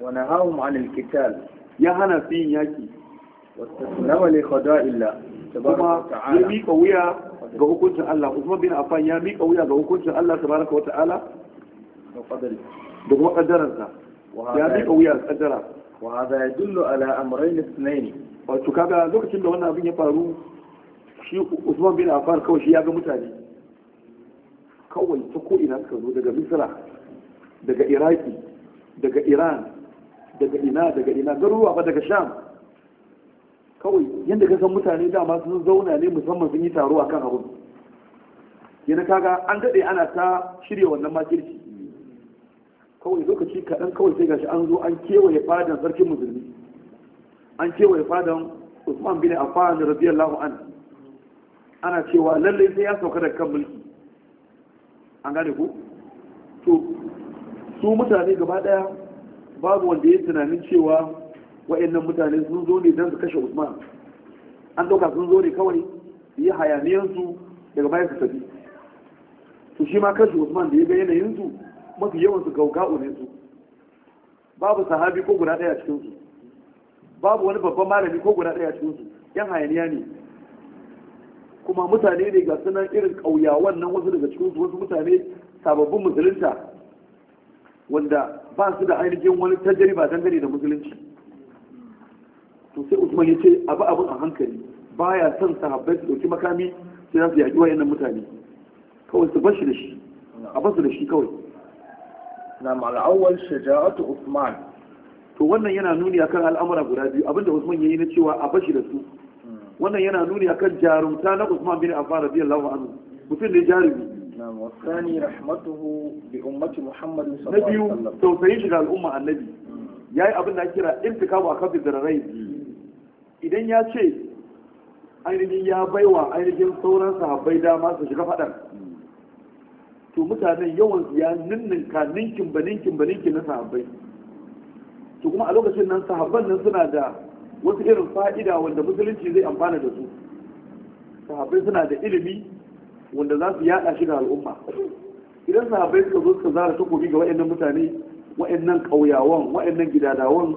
wani nahahum anil qital ya hana su yin yaki wastaslama li qada'illah kuma ya miƙa wuya ga hukuncin Allah kuma bin Afan ya miƙa wuya ga hukuncin Allah tabaraka wa ta'ala da kuma kaddaransa ya miƙa wuya ala lokacin da wannan abin ya faru shi Usman bin Affan kawai shi ya ga mutane kawai ta zo daga daga Iraki daga Iran daga ina daga ina kawai yadda ka san mutane dama sun zauna ne musamman sun yi taro akan abu yana kaga an daɗe ana ta shirya wannan makirci kawai lokaci kaɗan kawai sai gashi an zo an kewaye fadan sarkin musulmi an kewaye fadan usman bin affan radiyallahu an ana cewa lallai sai ya sauka daga kan mulki an gane ku to su mutane gaba daya babu wanda ya tunanin cewa wa'annan mutane sun zo ne don su kashe usman an ɗauka sun zo ne kawai su yi hayaniyansu daga bayan su tafi to shi ma kashe usman da ya ga yanayinsu mafi yawan su gauga'u ne su babu sahabi ko guda ɗaya cikin su babu wani babban malami ko guda ɗaya cikin su yan hayaniya ne kuma mutane ne ga sunan irin kauya nan wasu daga cikin su wasu mutane sababbin musulunta wanda ba su da ainihin wani tajriba dangane da musulunci to sai Usman ya ce abu abun a hankali baya son sahabbai su dauki makami sai za su yaƙi wayannan mutane kawai su bar shi da shi a basu da shi kawai na mal'awar shaja'atu Usman to wannan yana nuni akan al'amura guda biyu abinda Usman yayi na cewa a bashi da su wannan yana nuni akan jarumta na Usman bin Affan radiyallahu anhu mutum ne jarumi na'am wasani rahmatuhu bi ummati Muhammad sallallahu alaihi wasallam tausayin shi ga al'umma annabi yayi abin da kira intikabu akan bidrarai idan ya ce ainihin ya baiwa ainihin sauran sahabbai dama su shiga fadar to mutanen yawan ya ninninka ninkin ba ninkin ba ninkin na sahabbai to kuma a lokacin nan sahabban nan suna da wasu irin fa'ida wanda musulunci zai amfana da su sahabbai suna da ilimi wanda za su yada shi da al'umma idan sahabbai suka zo suka zara takobi ga wa'annan mutane wa'annan ƙauyawan wa'annan gidadawan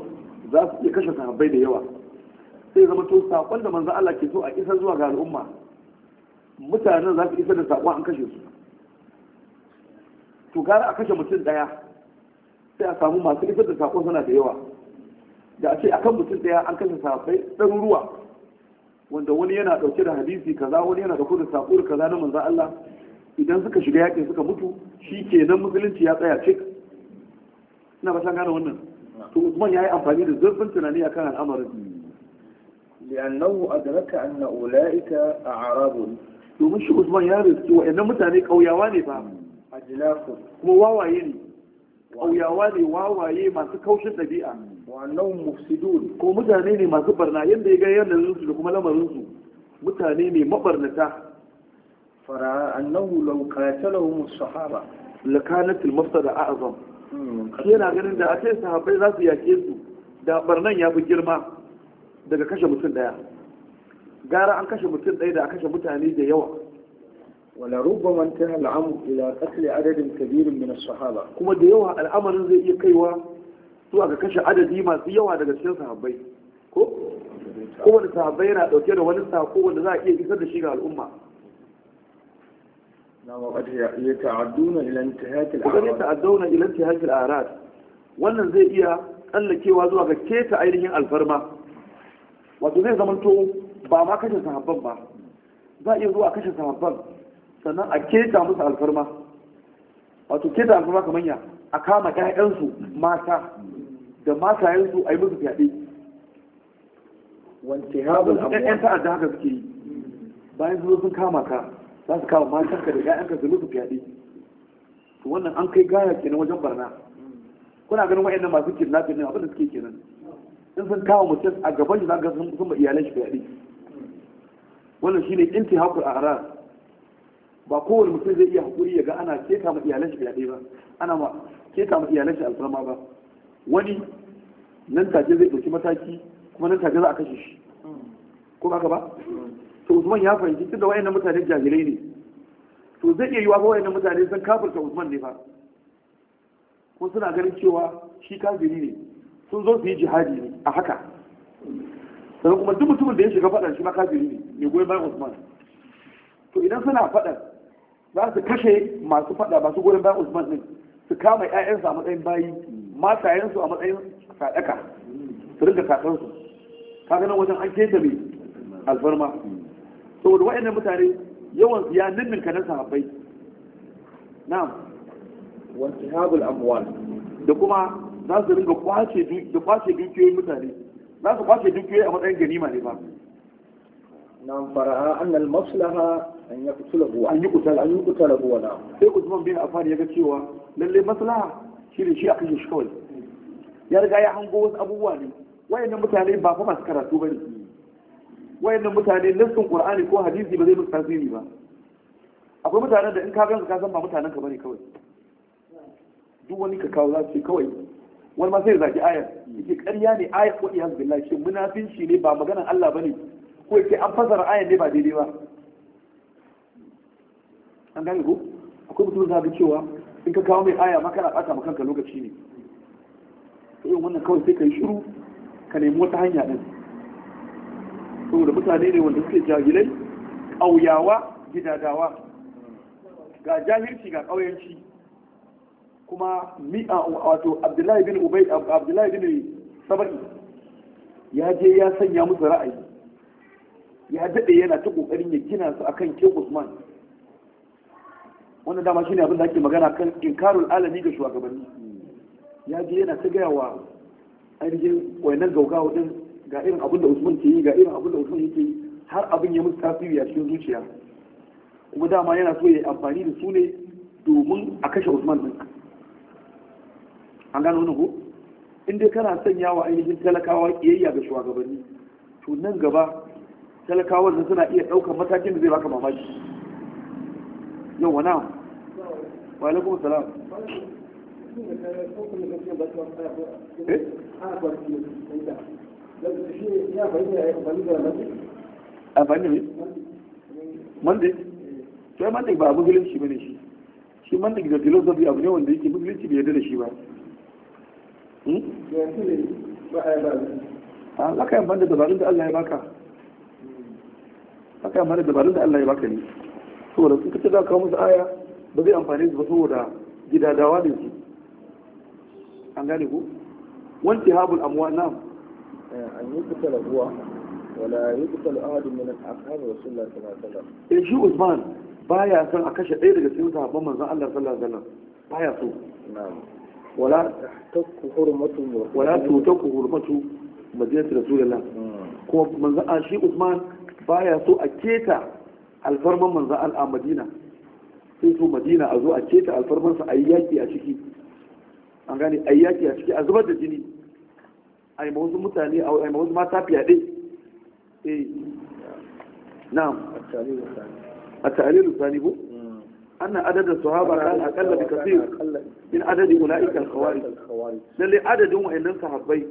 za su iya kashe sahabbai da yawa sai zama to sakon da manzo Allah ke so a isar zuwa ga al'umma mutanen za su isar da sakon an kashe su to gara a kashe mutum daya sai a samu masu isar da sakon suna da yawa da a ce a kan mutum daya an kashe sahabbai ɗaruruwa wanda wani yana ɗauke da hadisi kaza wani yana ɗauke da saƙo kaza na manzan Allah idan suka shiga yaƙi suka mutu shi ke nan musulunci ya tsaya cik ina ba san gane wannan to Usman ya yi amfani da zurfin tunani akan al'amarin لأنه أدرك أن أولئك أعراب domin shi Usman ya rizki wa'annan mutane ƙauyawa ne ba hmm. ajlafu kuma wawaye ne ƙauyawa ne wawaye masu kaushin ɗabi'a wannan mufsidun ko mutane ne masu barna yadda ya ga yanayin su da kuma lamarin su mutane ne mabarnata fara annahu law qatalahum as-sahaba lakanat al-mafsada a'zam hmm, yana ganin da a ce sahabbai za su yake su da barnan ya fi girma daga kashe mutum daya gara an kashe mutum daya da a kashe mutane da yawa wala rubba intaha al-amr ila qatl adadin kabir min as-sahaba kuma da yawa al'amarin zai iya kaiwa zuwa ga kashe adadi masu yawa daga cikin sahabbai ko kowane sahabbai yana dauke da wani sako wanda za a iya isar da shi ga al'umma na waƙad ya ta'adduna ila intihakil a'rad ya ta'adduna ila intihakil a'rad wannan zai iya tsallakewa zuwa ga keta ainihin alfarma wato zai zamanto ba ma kashe sahabban ba za a iya zuwa kashe sahabban sannan a keta musu alfarma wato keta alfarma ka manya, a kama ƴaƴansu mata da matayensu a yi musu fyaɗe wance habul ƴaƴan ta'adda haka suke yi bayan su sun kama ka za su kama matanka da ƴaƴanka da musu fyaɗe to wannan an kai gaya kenan wajen barna kuna ganin wa'annan masu kidnapping ne abinda suke kenan in sun kama mutum a gaban shi za ga sun ba iyalan shi fyaɗe wannan shine intihakul a'rar ba kowane mutum zai iya haƙuri ya ga ana keta ma iyalan shi fyaɗe ba ana ma keta ma iyalan shi alfarma ba wani nan take zai ɗauki mataki kuma nan take za a kashe shi ko ba ka ba to Usman ya fahimci tunda wayannan mutane jahilai ne to zai iya yiwa wayan wayannan mutane sun kafirta Usman ne ba? kuma suna ganin cewa shi kafiri ne sun zo su yi jihadi ne a haka sannan kuma duk mutumin da ya shiga faɗa shi ma kafiri ne ne goyon bayan Usman to idan suna faɗa za su kashe masu fada masu goyon bayan usman din su kama ƴaƴansu a matsayin bayi matayensu a matsayin sadaka su rinka su. kaga nan wajen an keta mai alfarma saboda waɗannan mutane yawan ya nimmin ka nan sahabbai na'am wa habul amwal da kuma za su rinka kwace dukiyoyin mutane za su kwace dukiyoyi a matsayin ganima ne ba nan fara'a annal maslaha an ya kutulahu an yi kutal an yi kutalahu wa na'am sai Usman bin afari ya ga cewa lalle maslaha shi ne shi aka yi shi kawai ya riga ya hango wasu abubuwa ne wayannan mutane ba fa masu karatu bane wayannan mutane nassin Qur'ani ko hadisi ba zai musu tasiri ba akwai mutanen da in ka gansu ka san ba mutanen ka bane kawai duk wani ka kawo za su kawai wani ma sai zaki ayar yake ƙarya ne ayar ko iyaz billahi shi munafinci ne ba maganar Allah bane ko yake an fasara ayan ne ba daidai ba an gane ko akwai mutum zaɓi cewa in ka kawo mai aya ma na ɓata kanka lokaci ne irin wannan kawai sai ka yi shiru ka nemi wata hanya ɗin saboda mutane ne wanda suke jahilai ƙauyawa gidadawa ga jahilci ga ƙauyanci kuma mi'a wato abdullahi bin ubai abdullahi bin saba'i ya je ya sanya musu ra'ayi ya daɗe yana ta ƙoƙarin ya gina su akan ke usman wannan dama shine abin da ake magana kan inkarul alami ga shugabanni ya je yana ta gaya wa ainihin wayannan gauga din ga irin abin da usman ke yi ga irin abin da usman yake yi har abin ya musu tasiri a cikin zuciya kuma dama yana so ya yi amfani da su ne domin a kashe usman din an gano wani ko in dai kana sanya wa ainihin talakawa kiyayya ga shugabanni to nan gaba talakawan suna iya ɗaukar matakin da zai baka mamaki yau wa na? wa alaikum salam eh? amfani ne mandik Sai mandik ba musulunci bane shi shi mandik da philosophy abu ne wanda yake musulunci bai yarda da shi ba hmm? ba ba ba ba ba ba ba ba ba ba ba ba ba kai amfani da dabarun da Allah ya baka ne saboda sun ce za ka musu aya ba zai amfani su ba saboda gidadawa ne su an gane ku wanti habul amwa na'am eh, an yi kusa da ruwa wala yi kusa da ahadu min ashabi rasulullah sallallahu alaihi wasallam eh shi Usman baya son a kashe ɗaya daga cikin sahabban manzon Allah sallallahu alaihi wasallam baya so na'am wala takku hurmatu wala tutakku hurmatu madinatu rasulullah hmm. kuma manzon ah, shi Usman baya so a keta alfarman manzan al'a Madina sai so Madina a zo a keta alfarman sa ayi yaki a ciki an gane ayi yaki a ciki a zubar da jini ai ma wasu mutane a yi ma wasu mata fiyaɗe eh na'am a da sani bu أن عدد الصحابة كان أقل بكثير من عدد أولئك الخوارج للي nan وإن haɓai.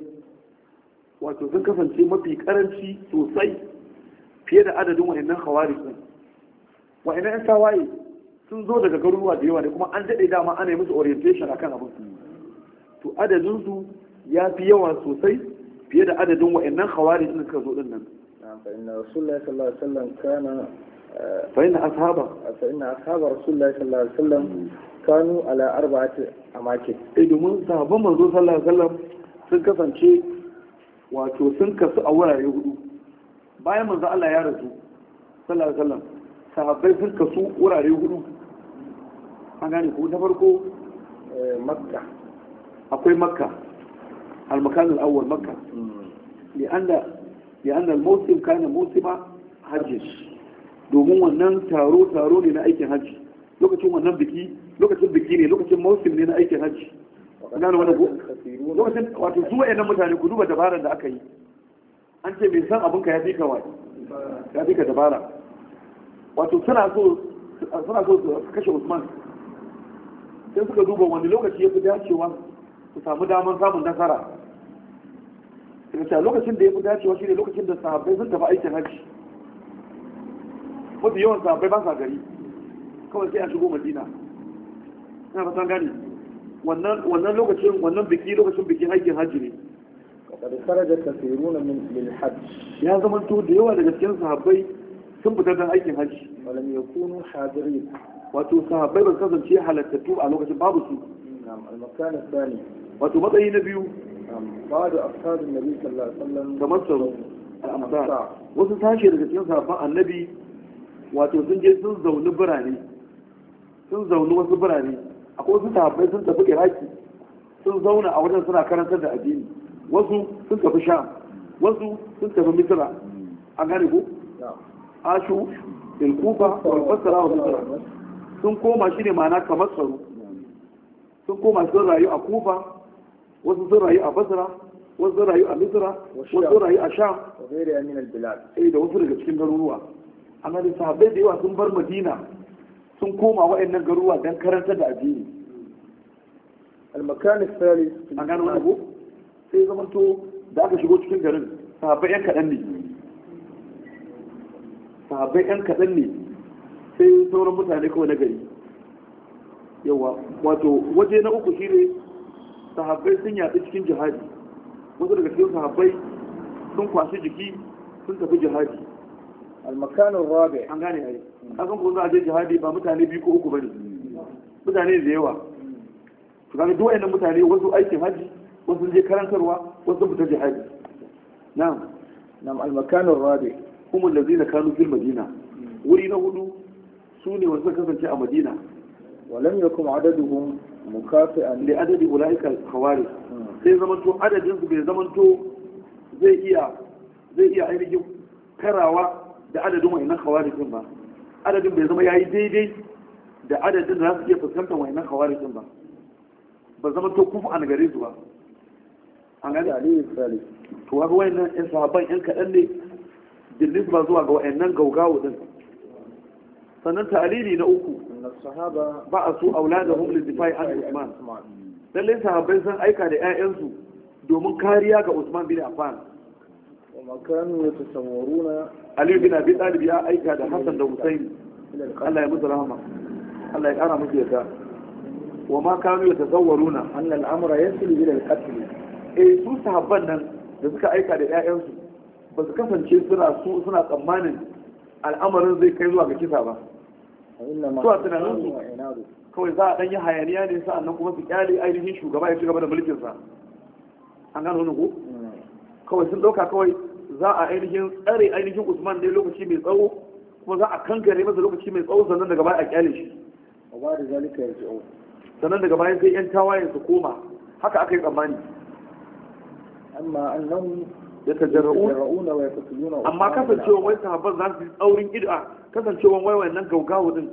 wato sun kasance mafi karanci sosai fiye da adadin wa'annan khawarij din wa'annan yan tawaye sun zo daga garuruwa da yawa ne kuma an daɗe dama ana yi musu orientation akan abin to adadin su ya fi yawa sosai fiye da adadin wa'annan khawarij din suka zo din nan فإن رسول الله صلى الله عليه وسلم كان فإن أصحابه فإن أصحاب رسول الله صلى الله عليه وسلم sun kasance wato sun kasu a wurare hudu bayan manzo Allah ya rasu sallallahu alaihi wasallam sahabbai sun kasu wurare hudu an gane ko na farko eh, makka akwai makka al-makan al-awwal makka hmm. li'anna li'anna al-mawsim kana mawsima hajji domin wannan taro taro ne na aikin hajji lokacin wannan biki lokacin biki ne lokacin mawsim ne na aikin hajji gane wannan lokacin wato su wayannan mutane ku duba dabaran da aka yi an ce mai san abinka ya fi wani ya fi ka dabara wato suna so su kashe usman sai suka duba wani lokaci ya fi dacewa su samu damar samun nasara daga cewa lokacin da ya fi dacewa shi ne lokacin da sahabbai sun tafi aikin hajji mafi yawan sahabbai ba sa gari kawai sai a shigo madina ina fatan gani wannan lokacin wannan biki lokacin bikin aikin hajji ne قد خرج كثيرون من للحج يا زمان تو da yawa daga cikin sahabbai sun fitar da aikin hajji walam yakunu hadirin wato sahabbai ba kasance halattattu a lokacin babu su na'am al-makan al-thani wato matsayi na biyu ba'da ashabin nabi sallallahu alaihi wasallam kamar su al-amsar wasu sashe daga cikin sahabban annabi wato sun je sun sun wasu birane akwai wasu sahabbai sun tafi iraki sun zauna a wajen suna karantar da addini wasu sun tafi sham wasu sun tafi misra a gane ashu ilkufa wa wa misra sun koma shi ne ma'ana kamar tsaro sun koma sun rayu a kufa wasu sun rayu a basra wasu sun rayu a misra wasu sun rayu a sham eh da wasu daga cikin garuruwa A gane sahabbai da yawa sun bar madina sun koma wa'annan garuruwa don karanta da addini المكان الثالث مكان أبو sai zama to da aka shigo cikin garin sahabbai yan kaɗan ne sahabbai yan kaɗan ne sai sauran mutane kawai na gari yawa wato waje na uku shi ne sahabbai sun yaɗu cikin jihadi wasu daga cikin sahabbai sun kwashi jiki sun tafi jihadi almakanin rabe an gane ai akan kuma za je jihadi ba mutane biyu ko uku ne. mutane da yawa to kaga duk wayannan mutane wasu aikin haji wasu je karantarwa wasu fita jihadi na'am na'am almakanin rabi kuma zina kanu fil madina wuri na hudu su ne wasu kasance a madina walam yakum adaduhum mukafi'an li adadi ulaika al-khawarij sai to adadin su bai to zai iya zai iya ainihin karawa da adadin wayannan khawarijin ba adadin bai zama yayi daidai da adadin da za su iya fuskantar wayannan khawarijin ba ba zama to kufu an gare su ba an ne zuwa ga wayannan gaugawo din sannan ta'alili na uku ba a su auladahum lidifai an usman lallai sahabbai sun aika da 'ya'yansu domin kariya ga usman bin affan aliyu bin abi talib ya aika da Hassan da husaini Allah ya musu rahama Allah ya kara musu yadda wa ma kanu ya tasawwaruna eh su sahabban nan da suka aika da 'ya'yansu ba su kasance suna su suna tsammanin al'amarin zai kai zuwa ga kisa ba a tunaninsu kawai za a ɗanyi hayaniya ne sa'annan kuma su kyale ainihin shugaba ya ci gaba da mulkinsa an gano wani ku? Hmm. kawai sun ɗauka kawai za a ainihin tsare ainihin usman ne lokaci mai tsawo kuma za a kankare masa lokaci mai tsawo sannan daga baya a kyale shi sannan daga baya sai yan tawayen su koma haka aka yi tsammani amma annahum wa amma kasancewa wai sahabban za su yi tsaurin ido a kasancewa wai wannan gaugawo din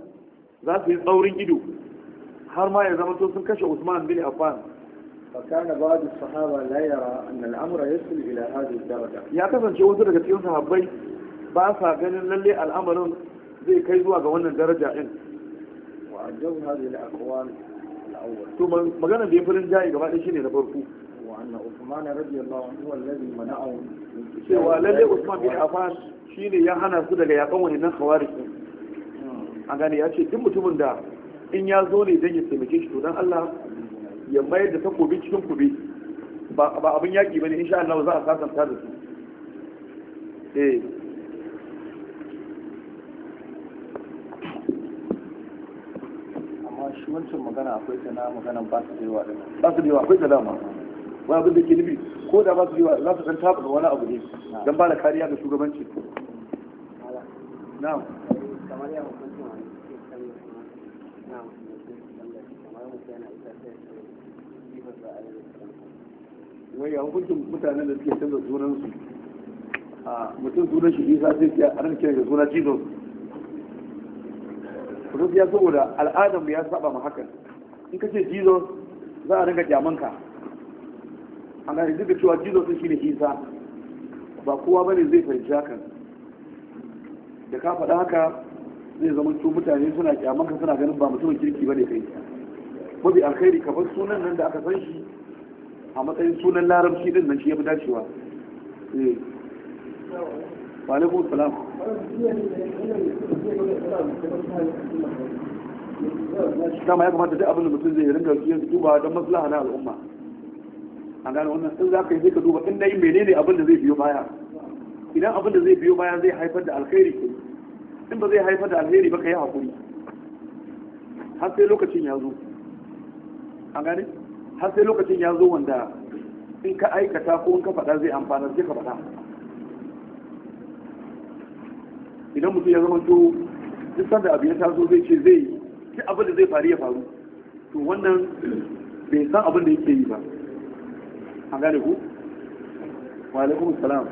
za su yi tsaurin ido har ma ya zama to sun kashe Usman bin Affan فكان بعض الصحابة لا يرى أن الأمر يصل إلى هذه الدرجة يا كسان شو وانت لك تيون صحابي باسا كان للي الأمر زي كيزوا قوانا درجة إن وعجب هذه الأقوال الأول أن عثمان رضي الله عنه هو الذي منعه cewa lalle Usman bin Affan shine ya hana su daga yakan wannan khawarij din an gane ya ce duk mutumin da in ya zo ne dan ya taimake shi to dan Allah ya mayar da takobin cikin kube ba abin yaki bane insha Allah za a sasanta da su eh. amma shi wancan magana akwai ta na maganan ba su da yawa ba su da yawa akwai ta dama wani abin da ke nufi ko da ba su yi wa za su san da wani abu ne don ba da kariya ga shugabanci na'am kamar ya wai ya hukuncin mutanen da suke canza sunansu a mutum sunan shi isa sai a ranke da suna jesus rufiya saboda al'adar ya saba ma hakan in ka ce za a ringa kyamanka Ana gane da cewa jizo sun shine isa ba kowa bane zai fahimci hakan da ka faɗa haka zai zama to mutane suna kyamanka suna ganin ba mutumin kirki bane kai mafi alkhairi kamar sunan nan da aka san shi a matsayin sunan larabci din nan shi ya fi dacewa eh. wa alaikum salam dama ya kamata duk abin da mutum zai ringa duba don maslaha na al'umma an gane wannan in za ka yi ka duba in na yi menene abin da zai biyo baya idan abin da zai biyo baya zai haifar da alheri in ba zai haifar da alheri ba ka yi haƙuri har sai lokacin ya zo an gane har sai lokacin ya zo wanda in ka aikata ko in ka faɗa zai amfana sai ka faɗa idan mutum ya zama to duk sanda abu ya taso zai ce zai yi abin da zai faru ya faru to wannan bai san abin da yake yi ba an gane ku wa alaikum salam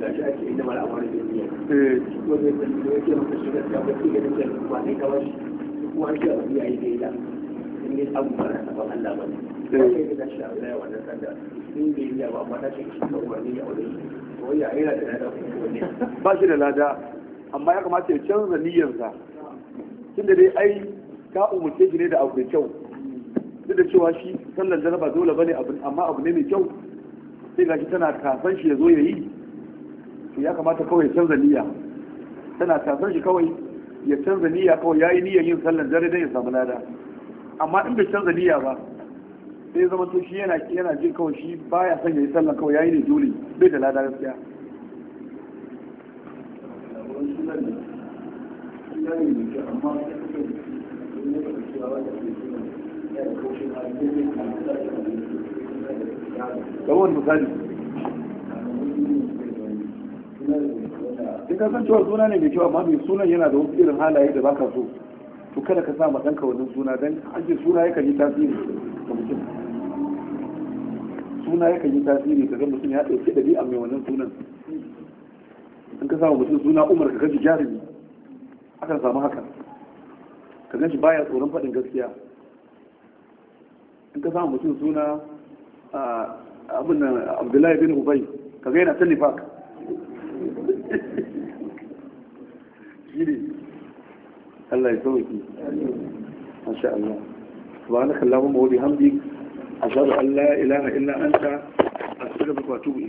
gashi ake inda mara amfani da biya ko zai san da yake maka shiga da ba kike da kike ba ne kawai ko an ce abu yayi da ila in ne abu ba na Allah ba ne Eh. ba shi da lada amma ya kamata ya canza niyyarsa tun da dai ai ka umarce shi ne da abu da kyau duk da cewa shi sallar jaraba dole ba ne amma abu ne mai kyau sai ga shi tana tafan shi ya zo ya yi to ya kamata kawai ya canza niyya tana tafan shi kawai ya canza niyya kawai ya yi niyyar yin sallar dare don ya samu lada amma in bai canza niyya ba sai zama to shi yana yana jin kawai shi baya son ya yi sallah kawai yayi ne dole bai da lada gaskiya kawai misali in ka san cewa suna ne mai kyau amma mai sunan yana da wasu irin halaye da baka so to kada ka sa ma ɗanka wannan suna don an ce suna yakan yi tasiri ga mutum suna ya kan yi tasiri ka ga mutum ya ɗauki ɗabi'a mai wannan sunan in ka samu mutum suna umar ka gaji jarumi akan samu haka ka gaji baya tsoron faɗin gaskiya in ka samu mutum suna abinnan abdullahi bin ubai ka ga yana ka shi ne Allah ya sauki masha Allah ashhadu allah la ilaha illa anta astaghfiruka wa atubu